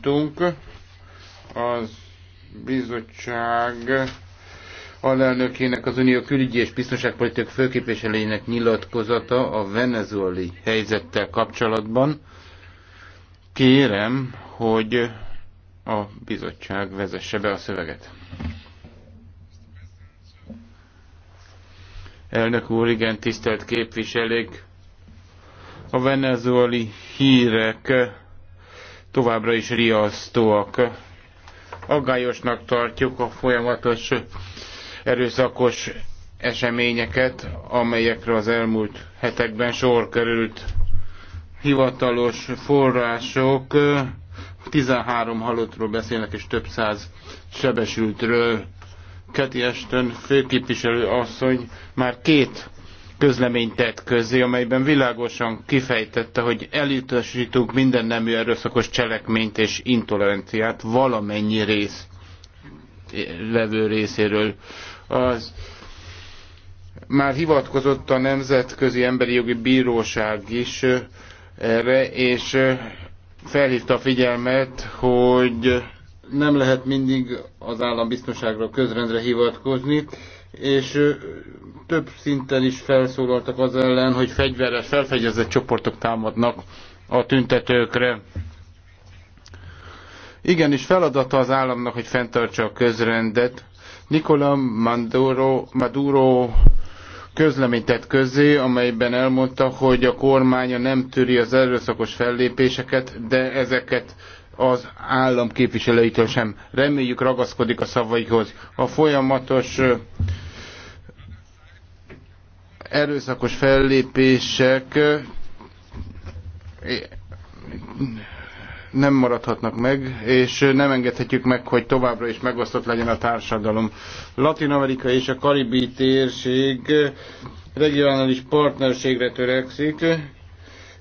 pontunk. Az bizottság alelnökének, az Unió külügyi és biztonságpolitik főképviselőjének nyilatkozata a venezuelai helyzettel kapcsolatban. Kérem, hogy a bizottság vezesse be a szöveget. Elnök úr, igen, tisztelt képviselők! A venezuelai hírek továbbra is riasztóak. Aggályosnak tartjuk a folyamatos erőszakos eseményeket, amelyekre az elmúlt hetekben sor került hivatalos források 13 halottról beszélnek, és több száz sebesültről. Keti Esten főképviselő asszony már két közleményt tett közzé, amelyben világosan kifejtette, hogy elutasítunk minden nemű erőszakos cselekményt és intoleranciát valamennyi rész levő részéről. Az már hivatkozott a Nemzetközi Emberi Jogi Bíróság is eh, erre, és eh, felhívta a figyelmet, hogy nem lehet mindig az állambiztonságra, közrendre hivatkozni, és több szinten is felszólaltak az ellen, hogy fegyveres, felfegyezett csoportok támadnak a tüntetőkre. Igenis feladata az államnak, hogy fenntartsa a közrendet. Nicola Maduro, Maduro közleményt tett közzé, amelyben elmondta, hogy a kormánya nem tűri az erőszakos fellépéseket, de ezeket az állam képviselőitől sem. Reméljük ragaszkodik a szavaikhoz. A folyamatos erőszakos fellépések nem maradhatnak meg, és nem engedhetjük meg, hogy továbbra is megosztott legyen a társadalom. Latin-Amerika és a karibi térség regionális partnerségre törekszik,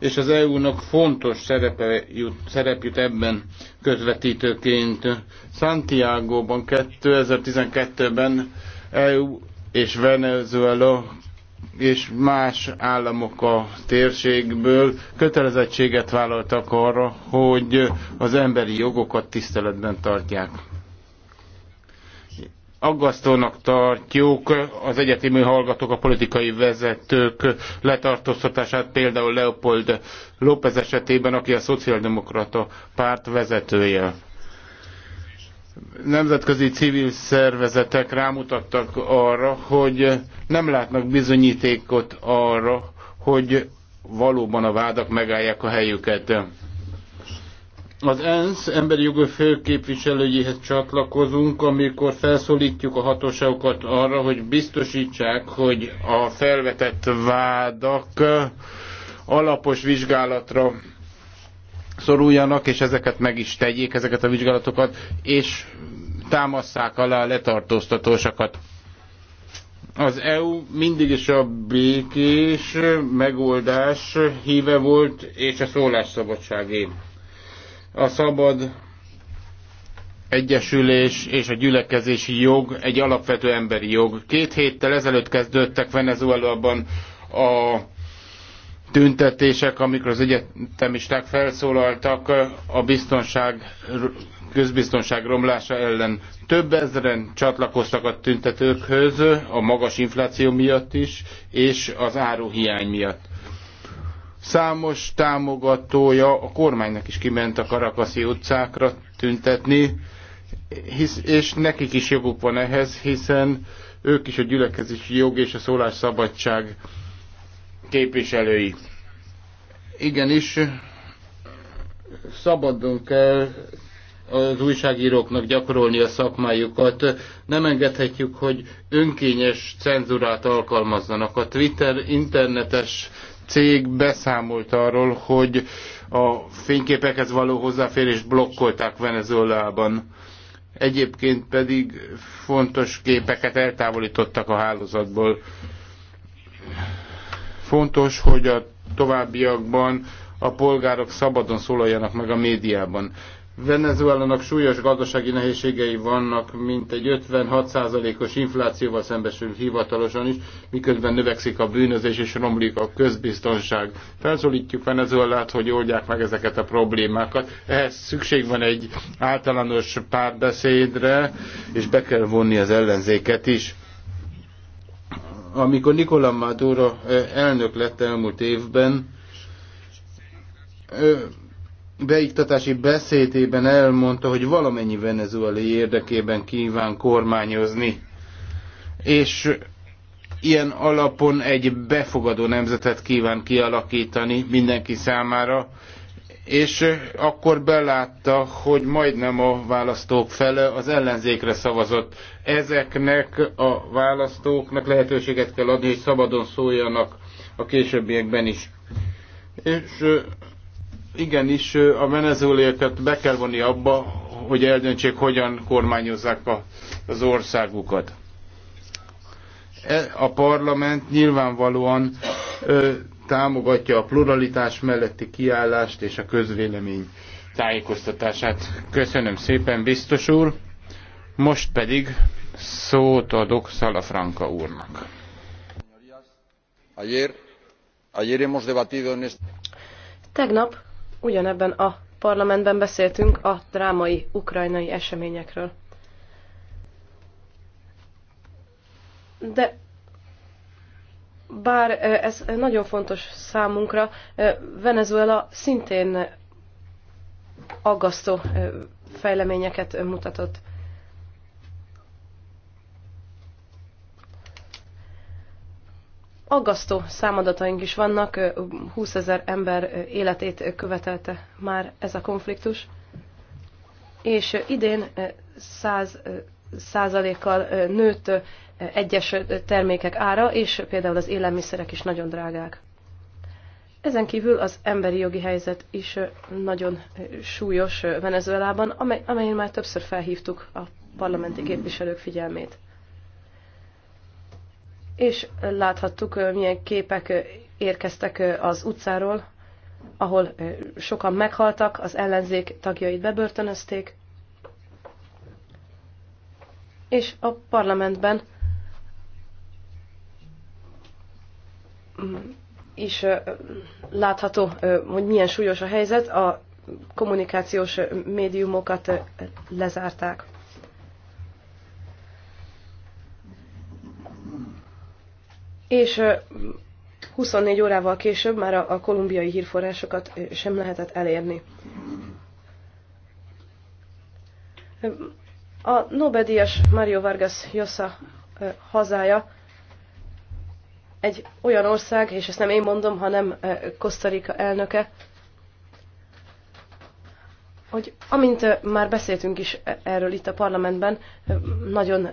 és az EU-nak fontos szerepe jut, szerep jut ebben közvetítőként. Santiago-ban 2012-ben EU és Venezuela és más államok a térségből kötelezettséget vállaltak arra, hogy az emberi jogokat tiszteletben tartják aggasztónak tartjuk az egyetemi hallgatók, a politikai vezetők letartóztatását, például Leopold López esetében, aki a szociáldemokrata párt vezetője. Nemzetközi civil szervezetek rámutattak arra, hogy nem látnak bizonyítékot arra, hogy valóban a vádak megállják a helyüket. Az ENSZ emberi jogok főképviselőjéhez csatlakozunk, amikor felszólítjuk a hatóságokat arra, hogy biztosítsák, hogy a felvetett vádak alapos vizsgálatra szoruljanak, és ezeket meg is tegyék, ezeket a vizsgálatokat, és támasszák alá a letartóztatósakat. Az EU mindig is a békés megoldás híve volt, és a szólásszabadságén. A szabad egyesülés és a gyülekezési jog egy alapvető emberi jog. Két héttel ezelőtt kezdődtek Venezuelában a tüntetések, amikor az egyetemisták felszólaltak a biztonság, közbiztonság romlása ellen. Több ezeren csatlakoztak a tüntetőkhöz a magas infláció miatt is, és az áruhiány miatt. Számos támogatója a kormánynak is kiment a Karakaszi utcákra tüntetni, hisz, és nekik is joguk van ehhez, hiszen ők is a gyülekezési jog és a szólásszabadság képviselői. Igenis, szabadon kell az újságíróknak gyakorolni a szakmájukat. Nem engedhetjük, hogy önkényes cenzurát alkalmazzanak. A Twitter internetes cég beszámolt arról, hogy a fényképekhez való hozzáférést blokkolták Venezuelában. Egyébként pedig fontos képeket eltávolítottak a hálózatból. Fontos, hogy a továbbiakban a polgárok szabadon szólaljanak meg a médiában. Venezuelának súlyos gazdasági nehézségei vannak, mint egy 56%-os inflációval szembesül hivatalosan is, miközben növekszik a bűnözés és romlik a közbiztonság. Felszólítjuk Venezuelát, hogy oldják meg ezeket a problémákat. Ehhez szükség van egy általános párbeszédre, és be kell vonni az ellenzéket is. Amikor Nikola Maduro eh, elnök lett elmúlt évben, eh, beiktatási beszédében elmondta, hogy valamennyi venezuelai érdekében kíván kormányozni. És ilyen alapon egy befogadó nemzetet kíván kialakítani mindenki számára, és akkor belátta, hogy majdnem a választók fele az ellenzékre szavazott. Ezeknek a választóknak lehetőséget kell adni, hogy szabadon szóljanak a későbbiekben is. És igenis a venezueliakat be kell vonni abba, hogy eldöntsék, hogyan kormányozzák a, az országukat. E, a parlament nyilvánvalóan ö, támogatja a pluralitás melletti kiállást és a közvélemény tájékoztatását. Köszönöm szépen, biztos úr. Most pedig szót adok Szalafranka úrnak. Ayer, ayer hemos debatido en este... Tegnap ugyanebben a parlamentben beszéltünk a drámai ukrajnai eseményekről. De bár ez nagyon fontos számunkra, Venezuela szintén aggasztó fejleményeket mutatott. aggasztó számadataink is vannak, 20 ezer ember életét követelte már ez a konfliktus, és idén 100 százalékkal nőtt egyes termékek ára, és például az élelmiszerek is nagyon drágák. Ezen kívül az emberi jogi helyzet is nagyon súlyos Venezuelában, amely, amelyen már többször felhívtuk a parlamenti képviselők figyelmét és láthattuk, milyen képek érkeztek az utcáról, ahol sokan meghaltak, az ellenzék tagjait bebörtönözték, és a parlamentben mm, is látható, hogy milyen súlyos a helyzet, a kommunikációs médiumokat lezárták. és 24 órával később már a, kolumbiai hírforrásokat sem lehetett elérni. A Nobedias Mario Vargas Llosa hazája egy olyan ország, és ezt nem én mondom, hanem Rica elnöke, hogy amint már beszéltünk is e-, erről itt a parlamentben, nagyon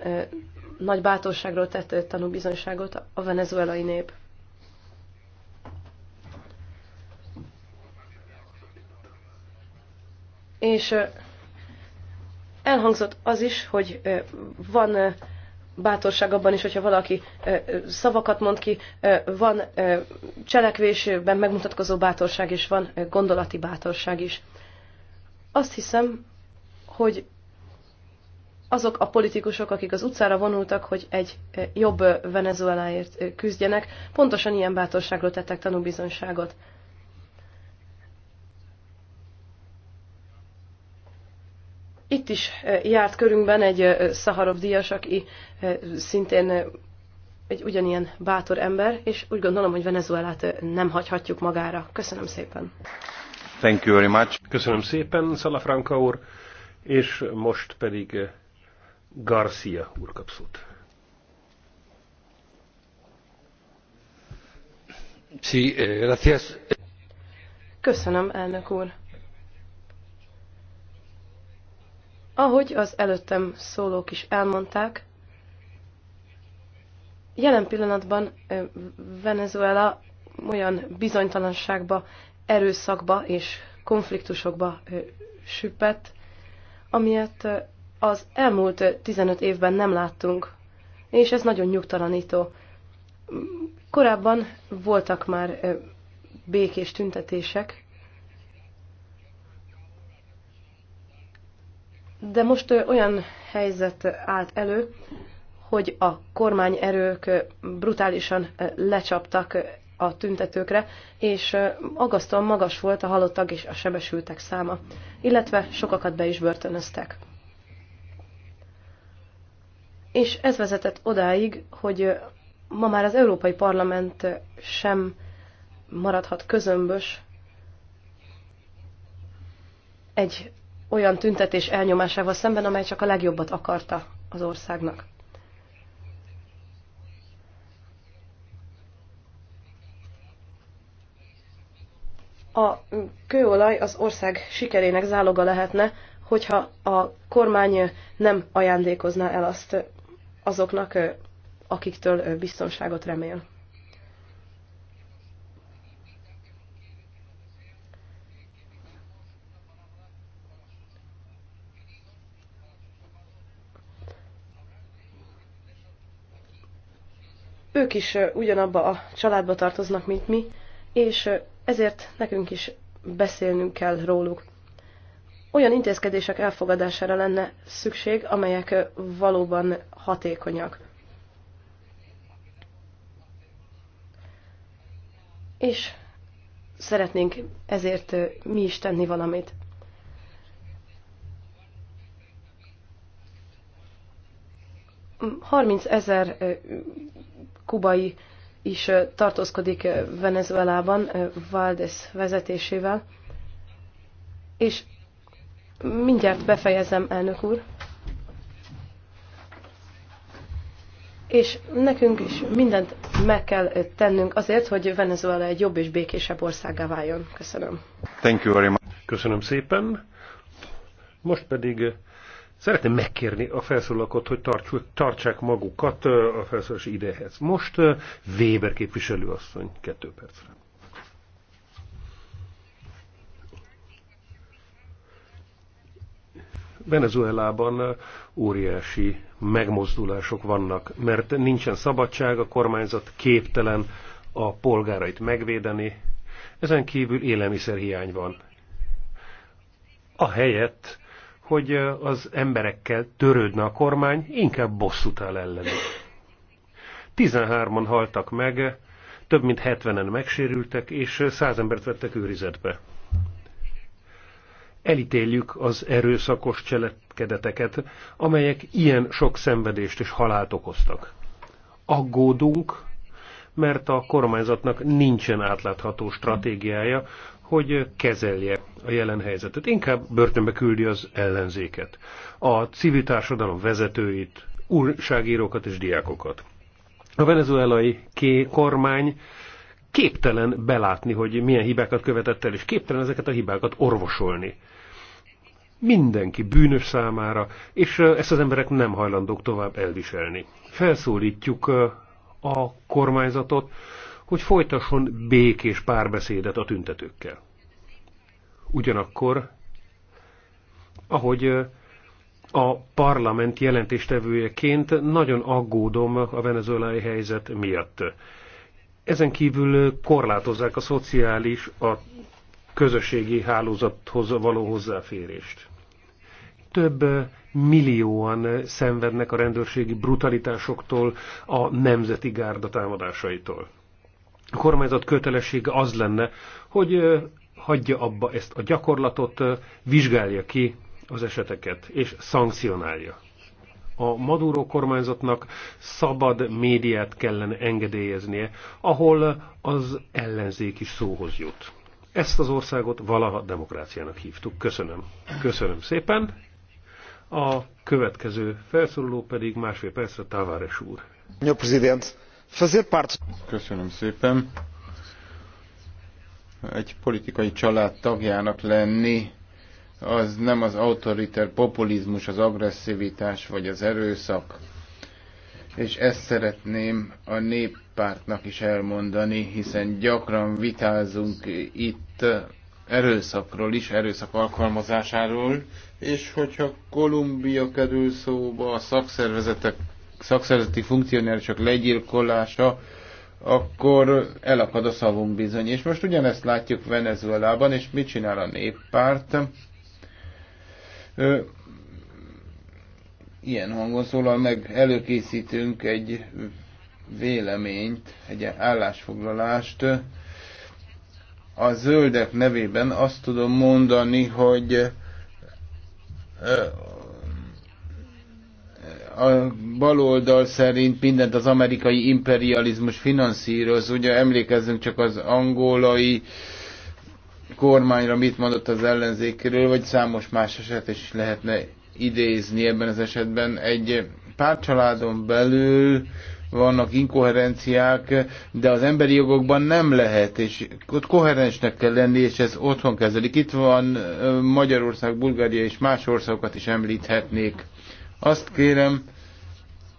nagy bátorságról tett tanúbizonyságot a venezuelai nép. És elhangzott az is, hogy van bátorság abban is, hogyha valaki szavakat mond ki, van cselekvésben megmutatkozó bátorság, és van gondolati bátorság is. Azt hiszem, hogy azok a politikusok, akik az utcára vonultak, hogy egy eh, jobb eh, Venezueláért eh, küzdjenek, pontosan ilyen bátorságról tettek tanúbizonyságot. Itt is járt körünkben egy Szaharov díjas, aki szintén egy ugyanilyen bátor ember, és úgy gondolom, hogy Venezuelát nem hagyhatjuk magára. Köszönöm szépen. Thank you very much. Köszönöm szépen, Szalafranka úr, és most pedig Garcia úr kap szót. Eh, Köszönöm, elnök úr. Ahogy az előttem szólók is elmondták, jelen pillanatban Venezuela olyan bizonytalanságba, erőszakba és konfliktusokba süppett, amilyet az elmúlt 15 évben nem láttunk, és ez nagyon nyugtalanító. Korábban voltak már békés tüntetések, de most olyan helyzet állt elő, hogy a kormányerők brutálisan lecsaptak a tüntetőkre, és agasztóan magas volt a halottak és a sebesültek száma, illetve sokakat be is börtönöztek. És ez vezetett odáig, hogy ma már az Európai Parlament sem maradhat közömbös egy olyan tüntetés elnyomásával szemben, amely csak a legjobbat akarta az országnak. A kőolaj az ország sikerének záloga lehetne, hogyha a kormány nem ajándékozná el azt azoknak, akiktől biztonságot remél. Ők is ugyanabba a családba tartoznak, mint mi, és ezért nekünk is beszélnünk kell róluk olyan intézkedések elfogadására lenne szükség, amelyek valóban hatékonyak. És szeretnénk ezért mi is tenni valamit. Harminc ezer kubai is tartózkodik Venezuelában, Valdez vezetésével, és Mindjárt befejezem, elnök úr. És nekünk is mindent meg kell tennünk azért, hogy Venezuela egy jobb és békésebb országá váljon. Köszönöm. Thank you very much. Köszönöm szépen. Most pedig szeretném megkérni a felszólalkot, hogy tartsák magukat a felszólalási idehez. Most Weber asszony, kettő percre. Venezuelában óriási megmozdulások vannak, mert nincsen szabadság, a kormányzat képtelen a polgárait megvédeni, ezen kívül élelmiszerhiány van. A helyett, hogy az emberekkel törődne a kormány, inkább bosszút áll ellenük. 13-an haltak meg, több mint 70-en megsérültek, és 100 embert vettek őrizetbe elítéljük az erőszakos cselekedeteket, amelyek ilyen sok szenvedést és halált okoztak. Aggódunk, mert a kormányzatnak nincsen átlátható stratégiája, hogy kezelje a jelen helyzetet. Inkább börtönbe küldi az ellenzéket, a civil társadalom vezetőit, újságírókat és diákokat. A venezuelai kormány képtelen belátni, hogy milyen hibákat követett el, és képtelen ezeket a hibákat orvosolni. Mindenki bűnös számára, és ezt az emberek nem hajlandók tovább elviselni. Felszólítjuk a kormányzatot, hogy folytasson békés párbeszédet a tüntetőkkel. Ugyanakkor, ahogy a parlament jelentéstevőjeként nagyon aggódom a venezuelai helyzet miatt. Ezen kívül korlátozzák a szociális, a közösségi hálózathoz való hozzáférést. Több millióan szenvednek a rendőrségi brutalitásoktól, a nemzeti gárda támadásaitól. A kormányzat kötelessége az lenne, hogy hagyja abba ezt a gyakorlatot, vizsgálja ki az eseteket, és szankcionálja a Maduro kormányzatnak szabad médiát kellene engedélyeznie, ahol az ellenzék is szóhoz jut. Ezt az országot valaha demokráciának hívtuk. Köszönöm. Köszönöm szépen. A következő felszóló pedig másfél percre Tavares úr. Köszönöm szépen. Egy politikai család tagjának lenni az nem az autoriter populizmus, az agresszivitás vagy az erőszak. És ezt szeretném a néppártnak is elmondani, hiszen gyakran vitázunk itt erőszakról is, erőszak alkalmazásáról, és hogyha Kolumbia kerül szóba a szakszervezetek, szakszervezeti funkcionárisok legyilkolása, akkor elakad a szavunk bizony. És most ugyanezt látjuk Venezuelában, és mit csinál a néppárt? ilyen hangon szólal meg, előkészítünk egy véleményt, egy állásfoglalást. A zöldek nevében azt tudom mondani, hogy a baloldal szerint mindent az amerikai imperializmus finanszíroz. Ugye emlékezzünk csak az angolai kormányra mit mondott az ellenzékről, vagy számos más eset is lehetne idézni ebben az esetben. Egy pár családon belül vannak inkoherenciák, de az emberi jogokban nem lehet, és ott koherensnek kell lenni, és ez otthon kezelik. Itt van Magyarország, Bulgária és más országokat is említhetnék. Azt kérem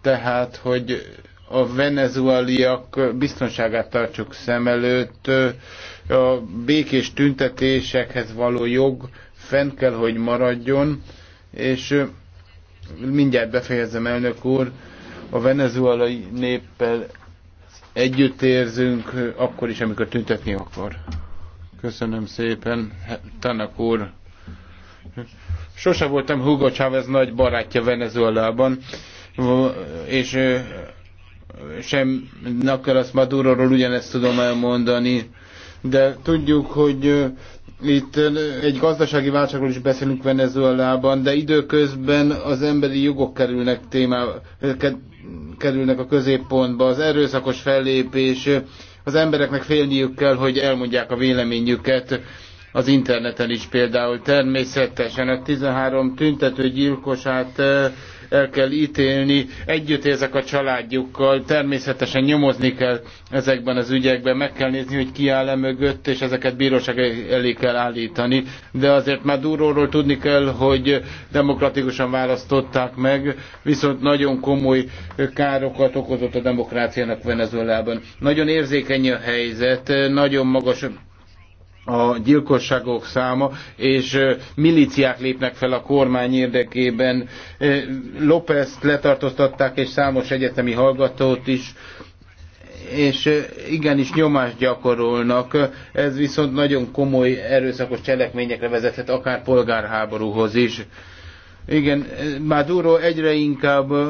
tehát, hogy a venezueliak biztonságát tartsuk szem előtt, a békés tüntetésekhez való jog fenn kell, hogy maradjon, és mindjárt befejezem, elnök úr, a venezuelai néppel együtt érzünk akkor is, amikor tüntetni akar. Köszönöm szépen, Tanak úr. Sose voltam Hugo Chávez nagy barátja Venezuelában, és sem Nakaras Maduroról ugyanezt tudom elmondani, de tudjuk, hogy itt egy gazdasági válságról is beszélünk Venezuelában, de időközben az emberi jogok kerülnek témá, kerülnek a középpontba, az erőszakos fellépés, az embereknek félniük kell, hogy elmondják a véleményüket az interneten is például. Természetesen a 13 tüntető gyilkosát el kell ítélni. Együtt érzek a családjukkal, természetesen nyomozni kell ezekben az ügyekben, meg kell nézni, hogy ki áll -e mögött, és ezeket bíróság elé kell állítani. De azért már Duróról tudni kell, hogy demokratikusan választották meg, viszont nagyon komoly károkat okozott a demokráciának Venezuelában. Nagyon érzékeny a helyzet, nagyon magas a gyilkosságok száma, és milíciák lépnek fel a kormány érdekében. Lópezt letartóztatták, és számos egyetemi hallgatót is és igenis nyomást gyakorolnak, ez viszont nagyon komoly erőszakos cselekményekre vezethet, akár polgárháborúhoz is. Igen, Maduro egyre inkább ö,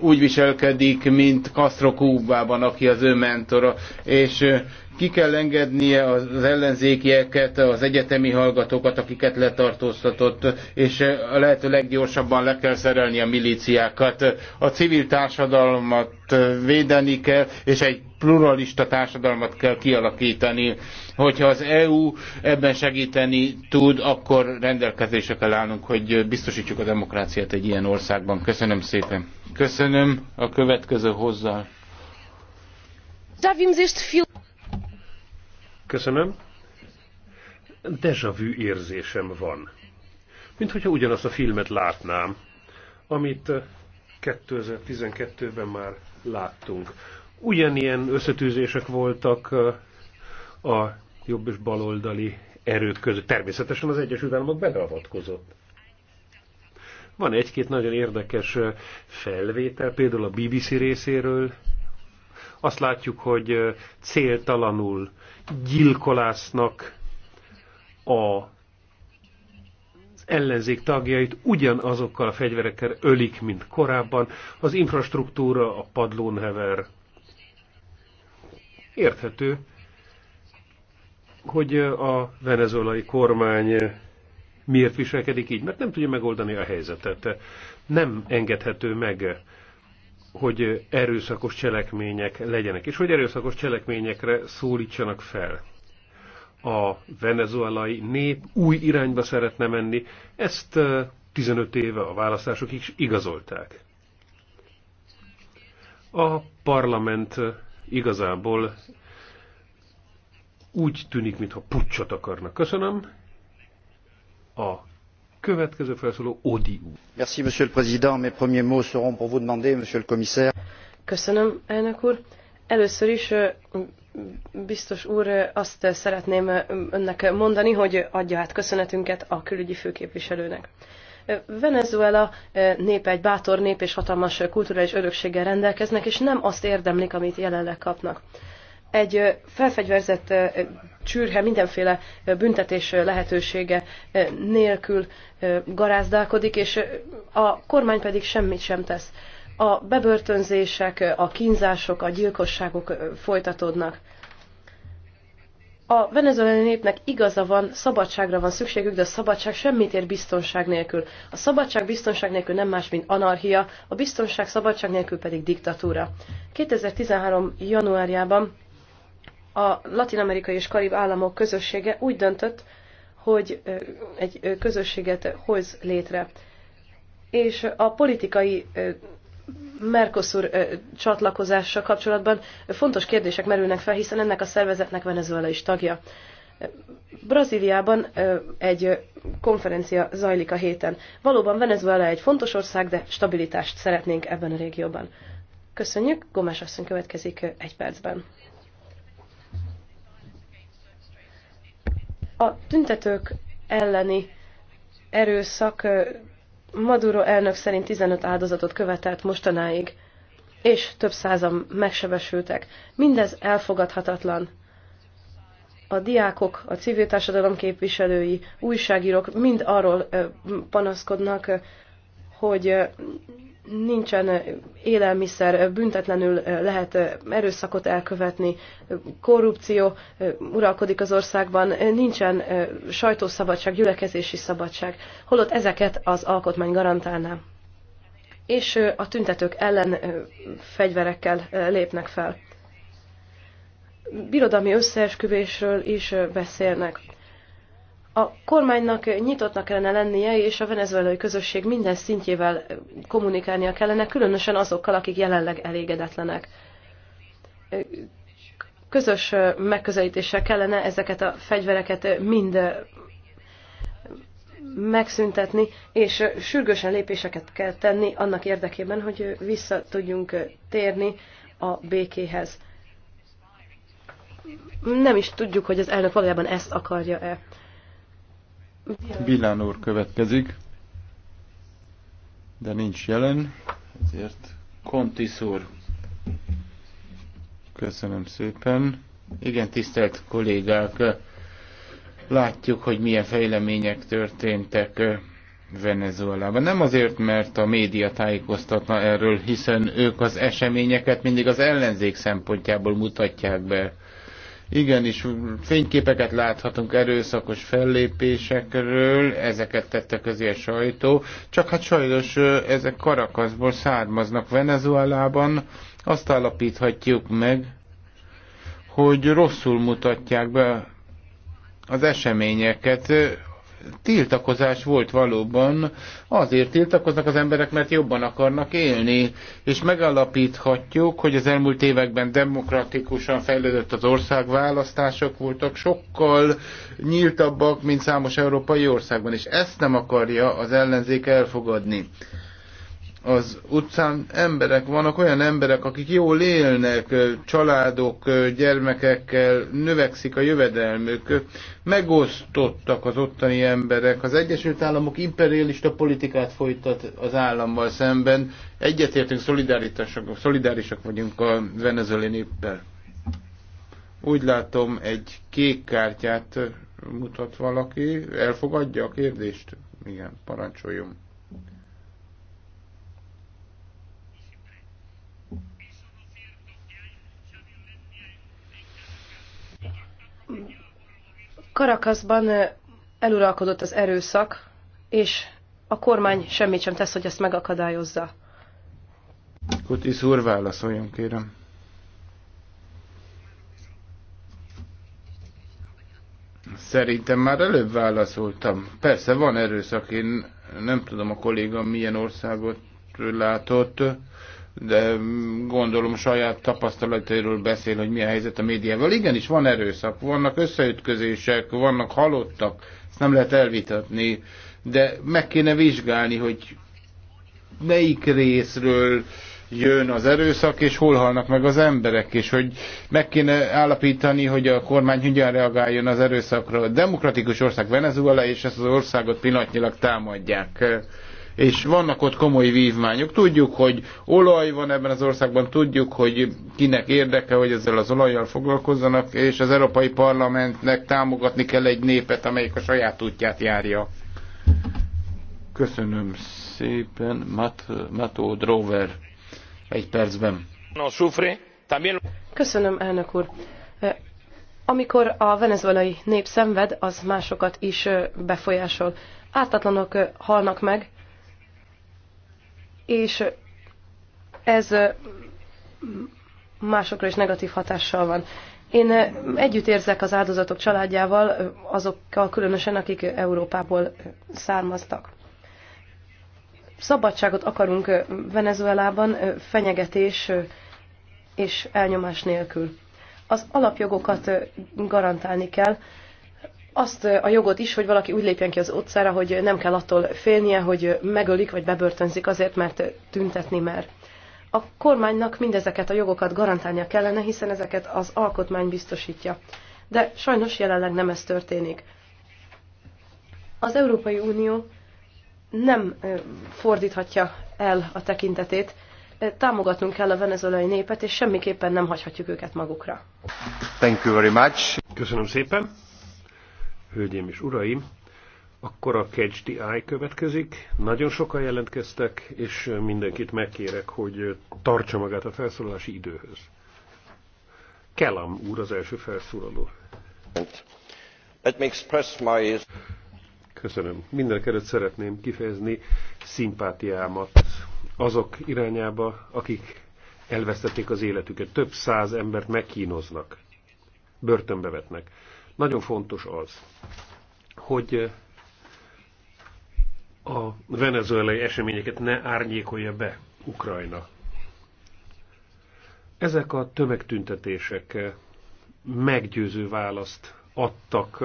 úgy viselkedik, mint Castro Kubában, aki az ő mentora, és ö, ki kell engednie az ellenzékieket, az egyetemi hallgatókat, akiket letartóztatott, és a lehető leggyorsabban le kell szerelni a milíciákat. A civil társadalmat védeni kell, és egy pluralista társadalmat kell kialakítani. Hogyha az EU ebben segíteni tud, akkor rendelkezésre kell állnunk, hogy biztosítsuk a demokráciát egy ilyen országban. Köszönöm szépen. Köszönöm a következő hozzá. este fiú. Köszönöm. Deja érzésem van. Mint hogyha ugyanazt a filmet látnám, amit 2012-ben már láttunk. Ugyanilyen összetűzések voltak a jobb és baloldali erők között. Természetesen az Egyesült Államok beleavatkozott. Van egy-két nagyon érdekes felvétel, például a BBC részéről, azt látjuk, hogy céltalanul gyilkolásznak a ellenzék tagjait ugyanazokkal a fegyverekkel ölik, mint korábban. Az infrastruktúra, a padlón hever. Érthető, hogy a venezolai kormány miért viselkedik így, mert nem tudja megoldani a helyzetet. Nem engedhető meg hogy erőszakos cselekmények legyenek, és hogy erőszakos cselekményekre szólítsanak fel. A venezuelai nép új irányba szeretne menni, ezt 15 éve a választások is igazolták. A parlament igazából úgy tűnik, mintha puccsot akarnak. Köszönöm. A Következő felszóló Odi úr. Merci, monsieur le président. Mes premiers mots seront pour vous demander, monsieur le commissaire. Köszönöm, elnök úr. Először is Biztos úr, azt szeretném önnek mondani, hogy adja át köszönetünket a külügyi főképviselőnek. Venezuela népe egy bátor nép és hatalmas kulturális örökséggel rendelkeznek, és nem azt érdemlik, amit jelenleg kapnak egy felfegyverzett csürhe mindenféle büntetés lehetősége nélkül garázdálkodik, és a kormány pedig semmit sem tesz. A bebörtönzések, a kínzások, a gyilkosságok folytatódnak. A venezuelai népnek igaza van, szabadságra van szükségük, de a szabadság semmit ér biztonság nélkül. A szabadság biztonság nélkül nem más, mint anarchia, a biztonság szabadság nélkül pedig diktatúra. 2013. januárjában a latin-amerikai és karib államok közössége úgy döntött, hogy egy közösséget hoz létre. És a politikai Mercosur csatlakozással kapcsolatban fontos kérdések merülnek fel, hiszen ennek a szervezetnek Venezuela is tagja. Brazíliában egy konferencia zajlik a héten. Valóban Venezuela egy fontos ország, de stabilitást szeretnénk ebben a régióban. Köszönjük, Gomes asszony következik egy percben. A tüntetők elleni erőszak Maduro elnök szerint 15 áldozatot követelt mostanáig, és több százan megsebesültek. Mindez elfogadhatatlan. A diákok, a civil társadalom képviselői, újságírók mind arról panaszkodnak, hogy nincsen élelmiszer, büntetlenül lehet erőszakot elkövetni, korrupció uralkodik az országban, nincsen sajtószabadság, gyülekezési szabadság, holott ezeket az alkotmány garantálná. És a tüntetők ellen fegyverekkel lépnek fel. Birodalmi összeesküvésről is beszélnek a kormánynak nyitottnak kellene lennie, és a venezuelai közösség minden szintjével kommunikálnia kellene, különösen azokkal, akik jelenleg elégedetlenek. Közös megközelítéssel kellene ezeket a fegyvereket mind megszüntetni, és sürgősen lépéseket kell tenni annak érdekében, hogy vissza tudjunk térni a békéhez. Nem is tudjuk, hogy az elnök valójában ezt akarja-e. Bilán úr következik, de nincs jelen, ezért Kontis úr. Köszönöm szépen. Igen, tisztelt kollégák, látjuk, hogy milyen fejlemények történtek Venezuelában. Nem azért, mert a média tájékoztatna erről, hiszen ők az eseményeket mindig az ellenzék szempontjából mutatják be. Igenis, fényképeket láthatunk erőszakos fellépésekről, ezeket tette közé a sajtó, csak hát sajnos ezek Karakaszból származnak Venezuelában, azt állapíthatjuk meg, hogy rosszul mutatják be az eseményeket, tiltakozás volt valóban. Azért tiltakoznak az emberek, mert jobban akarnak élni, és megalapíthatjuk, hogy az elmúlt években demokratikusan fejlődött az ország, választások voltak sokkal nyíltabbak, mint számos európai országban, és ezt nem akarja az ellenzék elfogadni az utcán emberek vannak, olyan emberek, akik jól élnek, családok, gyermekekkel, növekszik a jövedelmük, megosztottak az ottani emberek. Az Egyesült Államok imperialista politikát folytat az állammal szemben. Egyetértünk, szolidárisak vagyunk a venezueli néppel. Úgy látom, egy kék kártyát mutat valaki. Elfogadja a kérdést? Igen, parancsoljunk. Karakaszban eluralkodott az erőszak, és a kormány semmit sem tesz, hogy ezt megakadályozza. Kutis úr, válaszoljon, kérem. Szerintem már előbb válaszoltam. Persze van erőszak, én nem tudom a kolléga milyen országot látott de gondolom saját tapasztalatairól beszél, hogy mi a helyzet a médiával. Igenis, van erőszak, vannak összeütközések, vannak halottak, ezt nem lehet elvitatni, de meg kéne vizsgálni, hogy melyik részről jön az erőszak, és hol halnak meg az emberek, és hogy meg kéne állapítani, hogy a kormány hogyan reagáljon az erőszakra. A demokratikus ország Venezuela, és ezt az országot pillanatnyilag támadják és vannak ott komoly vívmányok. Tudjuk, hogy olaj van ebben az országban, tudjuk, hogy kinek érdeke, hogy ezzel az olajjal foglalkozzanak, és az Európai Parlamentnek támogatni kell egy népet, amelyik a saját útját járja. Köszönöm szépen, Mat Mató Drover, egy percben. Köszönöm, elnök úr. Amikor a venezuelai nép szenved, az másokat is befolyásol. Ártatlanok halnak meg, és ez másokra is negatív hatással van. Én együtt érzek az áldozatok családjával, azokkal különösen, akik Európából származtak. Szabadságot akarunk Venezuelában fenyegetés és elnyomás nélkül. Az alapjogokat garantálni kell, azt a jogot is, hogy valaki úgy lépjen ki az utcára, hogy nem kell attól félnie, hogy megölik vagy bebörtönzik azért, mert tüntetni mer. A kormánynak mindezeket a jogokat garantálnia kellene, hiszen ezeket az alkotmány biztosítja. De sajnos jelenleg nem ez történik. Az Európai Unió nem fordíthatja el a tekintetét, támogatnunk kell a venezuelai népet, és semmiképpen nem hagyhatjuk őket magukra. Thank you very much. Köszönöm szépen hölgyeim és uraim, akkor a Catch the Eye következik. Nagyon sokan jelentkeztek, és mindenkit megkérek, hogy tartsa magát a felszólalási időhöz. Kellam úr az első felszólaló. Let me express my... Köszönöm. Mindenkelőtt szeretném kifejezni szimpátiámat azok irányába, akik elvesztették az életüket. Több száz embert megkínoznak, börtönbe vetnek. Nagyon fontos az, hogy a venezuelai eseményeket ne árnyékolja be Ukrajna. Ezek a tömegtüntetések meggyőző választ adtak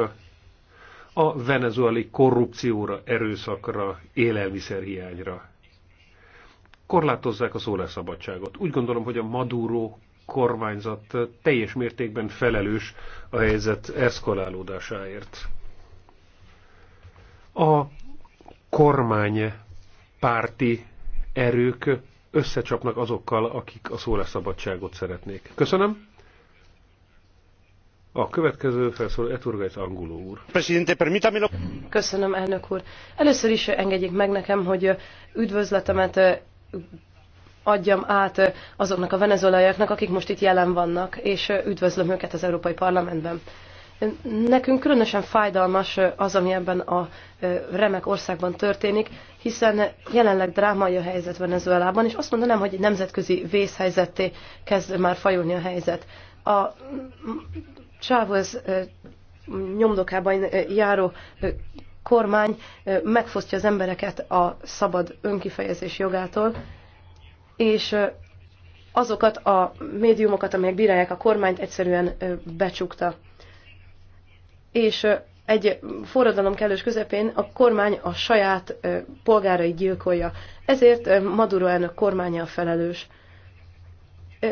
a venezuelai korrupcióra, erőszakra, élelmiszerhiányra. Korlátozzák a szólásszabadságot. Úgy gondolom, hogy a Maduro kormányzat teljes mértékben felelős a helyzet eszkalálódásáért. A kormány párti erők összecsapnak azokkal, akik a szólásszabadságot szeretnék. Köszönöm. A következő felszól Eturgais Angulo úr. Köszönöm, elnök úr. Először is engedjék meg nekem, hogy üdvözletemet adjam át azoknak a venezolaiaknak, akik most itt jelen vannak, és üdvözlöm őket az Európai Parlamentben. Nekünk különösen fájdalmas az, ami ebben a remek országban történik, hiszen jelenleg drámai a helyzet Venezuelában, és azt mondanám, hogy nemzetközi vészhelyzetté kezd már fajulni a helyzet. A Chávez nyomdokában járó kormány megfosztja az embereket a szabad önkifejezés jogától, és azokat a médiumokat, amelyek bírálják a kormányt, egyszerűen becsukta. És egy forradalom kellős közepén a kormány a saját polgárai gyilkolja. Ezért Maduro elnök kormánya a felelős.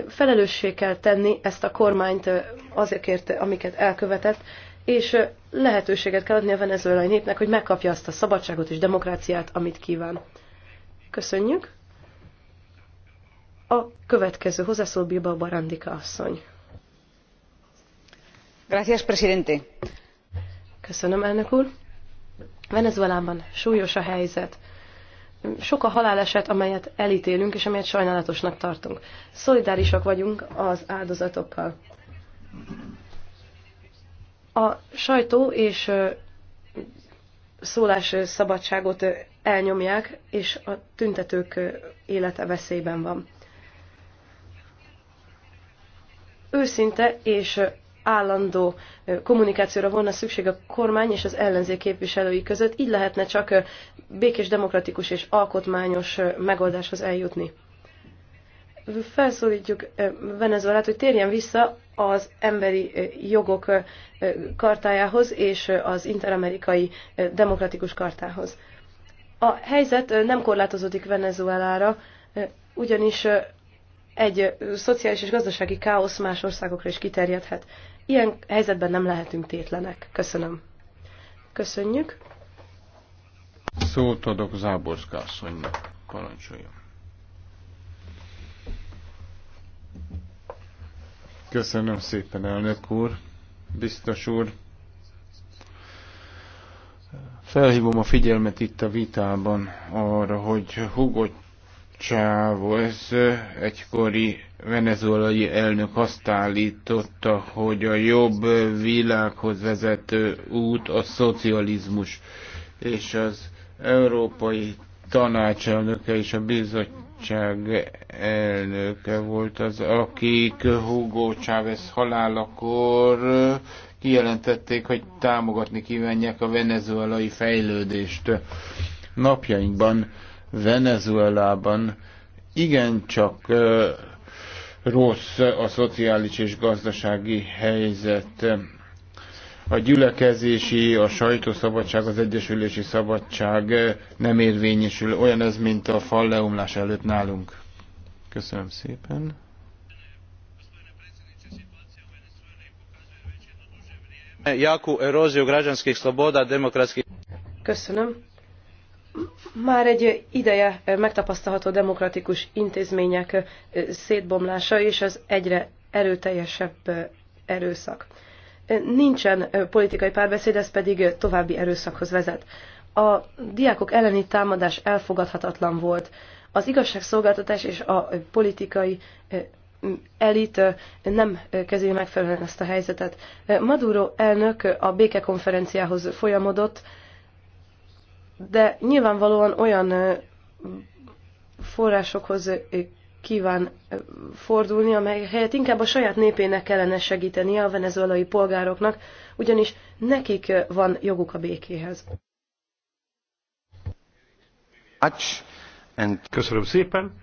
Felelőssé kell tenni ezt a kormányt azokért, amiket elkövetett, és lehetőséget kell adni a venezuelai népnek, hogy megkapja azt a szabadságot és demokráciát, amit kíván. Köszönjük! A következő hozzászól Bilba Barandika asszony. Gracias, presidente. Köszönöm, elnök úr. Venezuelában súlyos a helyzet. Sok a haláleset, amelyet elítélünk, és amelyet sajnálatosnak tartunk. Szolidárisak vagyunk az áldozatokkal. A sajtó és szabadságot elnyomják, és a tüntetők élete veszélyben van. őszinte és állandó kommunikációra volna szükség a kormány és az ellenzék képviselői között, így lehetne csak békés, demokratikus és alkotmányos megoldáshoz eljutni. Felszólítjuk Venezuelát, hogy térjen vissza az emberi jogok kartájához és az interamerikai demokratikus kartához. A helyzet nem korlátozódik Venezuelára, ugyanis egy szociális és gazdasági káosz más országokra is kiterjedhet. Ilyen helyzetben nem lehetünk tétlenek. Köszönöm. Köszönjük. Szót adok Záborszka asszonynak. Parancsoljon. Köszönöm szépen, elnök úr, biztos úr. Felhívom a figyelmet itt a vitában arra, hogy Hugo Chávez egykori venezuelai elnök azt állította, hogy a jobb világhoz vezető út a szocializmus, és az Európai tanácselnöke és a bizottság elnöke volt az, akik Hugo Chávez halálakor kijelentették, hogy támogatni kívánják a venezuelai fejlődést napjainkban Venezuelában igencsak rossz a szociális és gazdasági helyzet. A gyülekezési, a sajtószabadság, az egyesülési szabadság nem érvényesül. Olyan ez, mint a fal leomlás előtt nálunk. Köszönöm szépen. köszönöm már egy ideje megtapasztalható demokratikus intézmények szétbomlása és az egyre erőteljesebb erőszak. Nincsen politikai párbeszéd, ez pedig további erőszakhoz vezet. A diákok elleni támadás elfogadhatatlan volt. Az igazságszolgáltatás és a politikai elit nem kezeli megfelelően ezt a helyzetet. Maduro elnök a békekonferenciához folyamodott, de nyilvánvalóan olyan forrásokhoz kíván fordulni, amely helyett inkább a saját népének kellene segíteni a venezuelai polgároknak, ugyanis nekik van joguk a békéhez. Köszönöm szépen.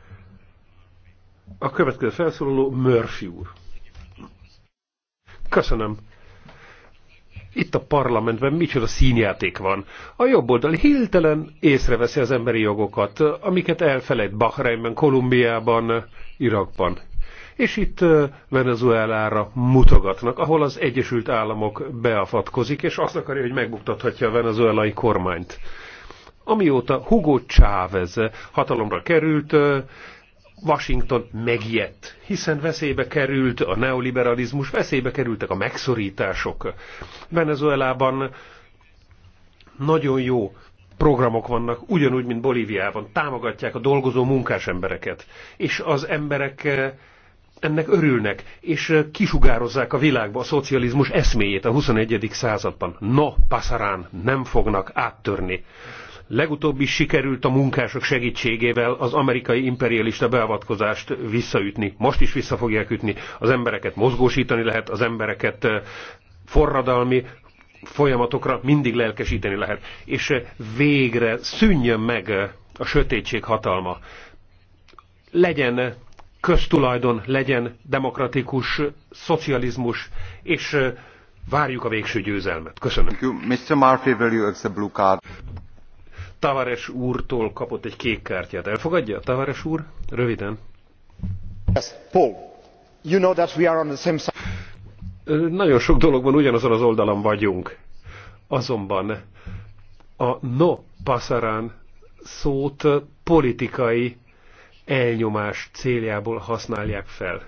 A következő felszólaló Murphy úr. Köszönöm itt a parlamentben micsoda színjáték van. A jobb oldal hirtelen észreveszi az emberi jogokat, amiket elfelejt Bahreinben, Kolumbiában, Irakban. És itt Venezuelára mutogatnak, ahol az Egyesült Államok beavatkozik, és azt akarja, hogy megbuktathatja a venezuelai kormányt. Amióta Hugo Chávez hatalomra került, Washington megijedt, hiszen veszélybe került a neoliberalizmus, veszélybe kerültek a megszorítások. Venezuelában nagyon jó programok vannak, ugyanúgy, mint Bolíviában, támogatják a dolgozó munkás embereket, és az emberek eh, ennek örülnek, és eh, kisugározzák a világba a szocializmus eszméjét a 21. században. No, Pasarán nem fognak áttörni. Legutóbb is sikerült a munkások segítségével az amerikai imperialista beavatkozást visszaütni. Most is vissza fogják ütni. Az embereket mozgósítani lehet, az embereket eh, forradalmi folyamatokra mindig lelkesíteni lehet. És eh, végre szűnjön meg eh, a sötétség hatalma. Legyen köztulajdon, legyen demokratikus szocializmus, és várjuk a végső győzelmet. Köszönöm. Mr. Murphy, will you accept blue card? Tavares úrtól kapott egy kék kártyát. Elfogadja, Tavares úr? Röviden. Yes, Paul, you know that we are on the same side. Nagyon sok dologban ugyanazon az oldalon vagyunk. Azonban a no pasarán szót politikai elnyomás céljából használják fel.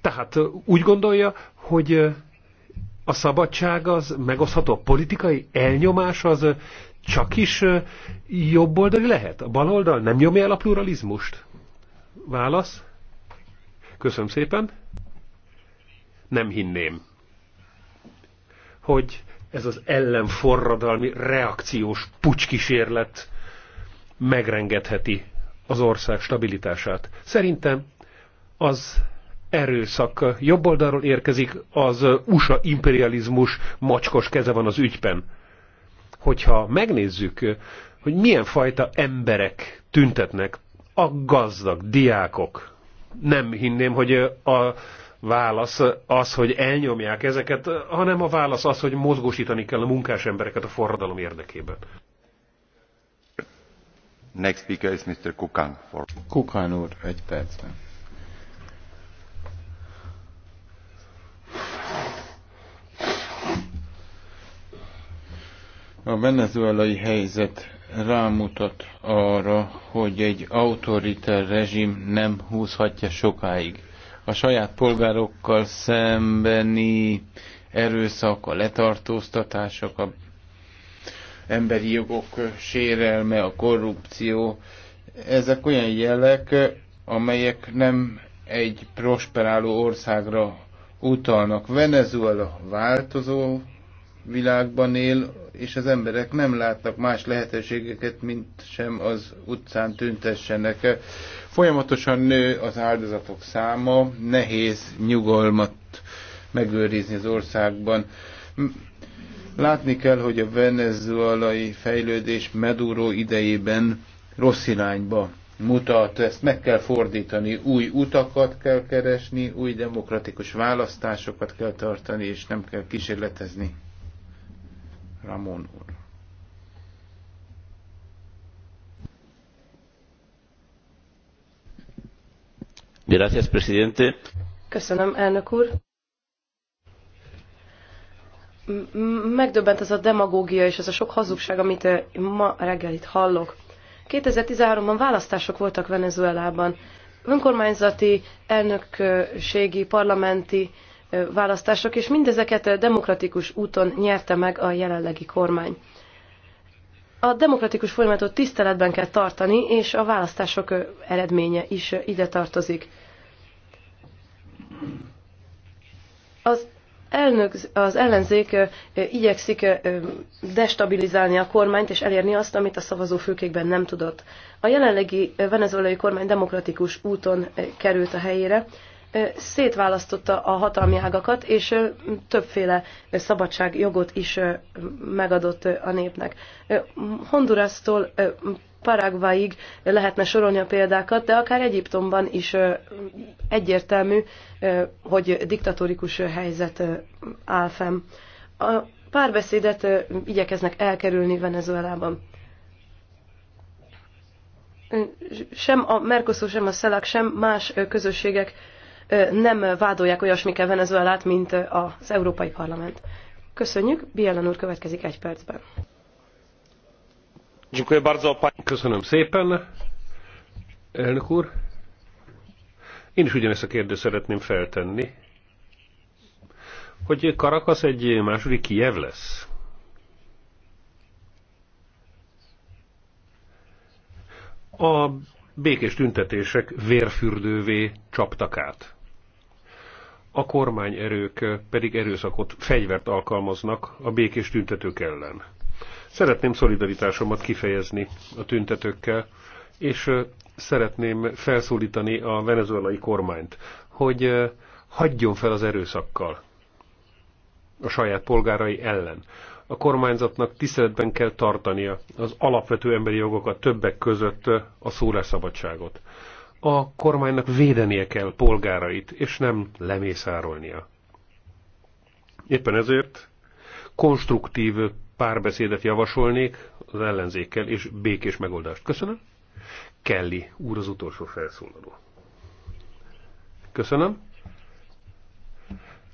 Tehát úgy gondolja, hogy a szabadság az megosztható, a politikai elnyomás az csak is jobboldali lehet? A baloldal nem nyomja el a pluralizmust? Válasz? Köszönöm szépen. Nem hinném, hogy ez az ellenforradalmi reakciós pucskísérlet megrengetheti az ország stabilitását. Szerintem az erőszak jobb oldalról érkezik, az USA imperializmus macskos keze van az ügyben. Hogyha megnézzük, hogy milyen fajta emberek tüntetnek, a gazdag, diákok. Nem hinném, hogy a válasz az, hogy elnyomják ezeket, hanem a válasz az, hogy mozgósítani kell a munkás embereket a forradalom érdekében. Next speaker is Mr. Kukan. For... Kukan úr, egy percben. A venezuelai helyzet rámutat arra, hogy egy autoriter rezsim nem húzhatja sokáig. A saját polgárokkal szembeni erőszak, a letartóztatások, a emberi jogok sérelme, a korrupció, ezek olyan jelek, amelyek nem egy prosperáló országra utalnak. Venezuela változó világban él, és az emberek nem látnak más lehetőségeket, mint sem az utcán tüntessenek. Folyamatosan nő az áldozatok száma, nehéz nyugalmat megőrizni az országban. Látni kell, hogy a venezuelai fejlődés Meduro idejében rossz irányba mutat, ezt meg kell fordítani, új utakat kell keresni, új demokratikus választásokat kell tartani, és nem kell kísérletezni. Ramon úr. Gracias, presidente. Köszönöm, elnök úr. Megdöbbent ez a demagógia és ez a sok hazugság, amit eh, ma reggel itt hallok. 2013-ban választások voltak Venezuelában. Önkormányzati, elnökségi, parlamenti, választások, és mindezeket demokratikus úton nyerte meg a jelenlegi kormány. A demokratikus folyamatot tiszteletben kell tartani, és a választások eredménye is ide tartozik. Az elnök, az ellenzék igyekszik destabilizálni a kormányt és elérni azt, amit a szavazófülkékben nem tudott. A jelenlegi venezuelai kormány demokratikus úton került a helyére, szétválasztotta a hatalmi ágakat, és többféle szabadságjogot is megadott a népnek. Hondurasztól Paraguayig lehetne sorolni a példákat, de akár Egyiptomban is egyértelmű, hogy diktatórikus helyzet áll fenn. A párbeszédet igyekeznek elkerülni Venezuelában sem a Mercosur, sem a SZELAK, sem más közösségek nem vádolják olyasmikkel Venezuelát, mint az Európai Parlament. Köszönjük, Bielen úr következik egy percben. Köszönöm szépen, elnök úr. Én is ugyanezt a kérdést szeretném feltenni, hogy Karakas egy második Kijev lesz. A békés tüntetések vérfürdővé csaptak át a kormányerők pedig erőszakot, fegyvert alkalmaznak a békés tüntetők ellen. Szeretném szolidaritásomat kifejezni a tüntetőkkel, és szeretném felszólítani a venezuelai kormányt, hogy hagyjon fel az erőszakkal a saját polgárai ellen. A kormányzatnak tiszteletben kell tartania az alapvető emberi jogokat, többek között a szólásszabadságot a kormánynak védenie kell polgárait, és nem lemészárolnia. Éppen ezért konstruktív párbeszédet javasolnék az ellenzékkel, és békés megoldást. Köszönöm. Kelly úr az utolsó felszólaló. Köszönöm.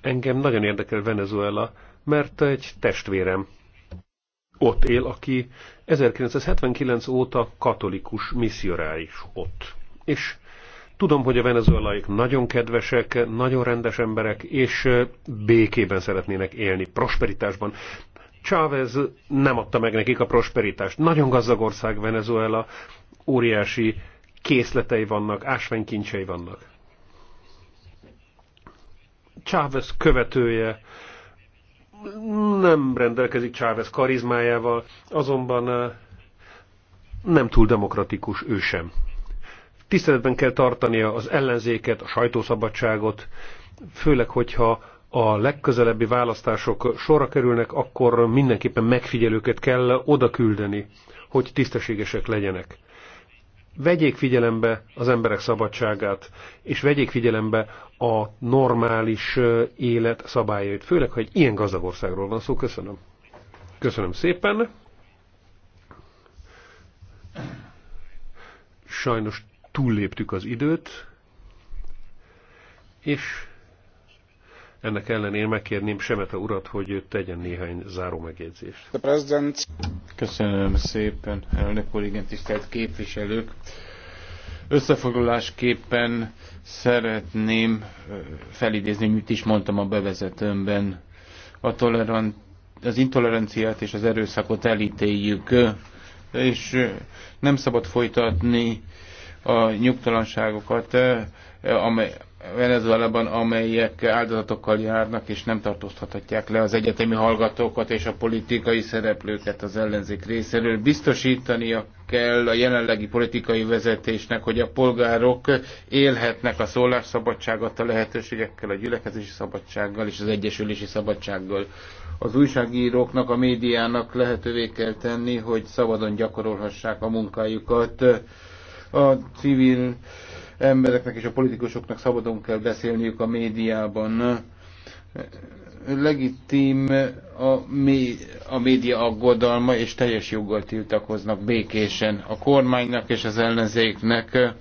Engem nagyon érdekel Venezuela, mert egy testvérem ott él, aki 1979 óta katolikus misszionális ott. És tudom, hogy a venezuelaik nagyon kedvesek, nagyon rendes emberek, és békében szeretnének élni, prosperitásban. Chávez nem adta meg nekik a prosperitást. Nagyon gazdag ország Venezuela, óriási készletei vannak, ásványkincsei vannak. Chávez követője nem rendelkezik Chávez karizmájával, azonban nem túl demokratikus ő sem tiszteletben kell tartania az ellenzéket, a sajtószabadságot, főleg, hogyha a legközelebbi választások sorra kerülnek, akkor mindenképpen megfigyelőket kell oda küldeni, hogy tisztességesek legyenek. Vegyék figyelembe az emberek szabadságát, és vegyék figyelembe a normális élet szabályait, főleg, ha egy ilyen gazdag országról van szó. Köszönöm. Köszönöm szépen. Sajnos túlléptük az időt, és ennek ellenére megkérném Semete urat, hogy tegyen néhány záró megjegyzést. Köszönöm szépen, elnök úr, igen, tisztelt képviselők. Összefoglalásképpen szeretném felidézni, mit is mondtam a bevezetőmben. A tolerant, az intoleranciát és az erőszakot elítéljük, és nem szabad folytatni a nyugtalanságokat, eh, amely Venezuelában, amelyek áldozatokkal járnak, és nem tartóztathatják le az egyetemi hallgatókat és a politikai szereplőket az ellenzék részéről. Biztosítania kell a jelenlegi politikai vezetésnek, hogy a polgárok élhetnek a szólásszabadságot, a lehetőségekkel, a gyülekezési szabadsággal és az egyesülési szabadsággal. Az újságíróknak, a médiának lehetővé kell tenni, hogy szabadon gyakorolhassák a munkájukat a civil embereknek és a politikusoknak szabadon kell beszélniük a médiában. Legitim a, mé, a média aggodalma, és teljes joggal tiltakoznak békésen a kormánynak és az ellenzéknek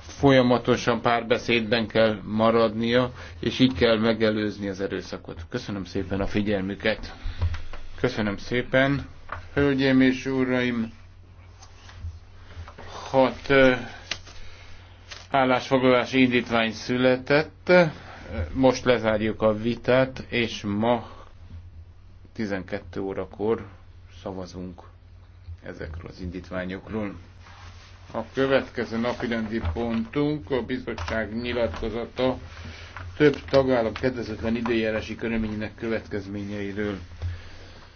folyamatosan párbeszédben kell maradnia, és így kell megelőzni az erőszakot. Köszönöm szépen a figyelmüket. Köszönöm szépen. Hölgyeim és uraim! hat állásfoglalási indítvány született. Most lezárjuk a vitát, és ma 12 órakor szavazunk ezekről az indítványokról. A következő napirendi pontunk a bizottság nyilatkozata több tagállam kedvezetlen időjárási körülményének következményeiről.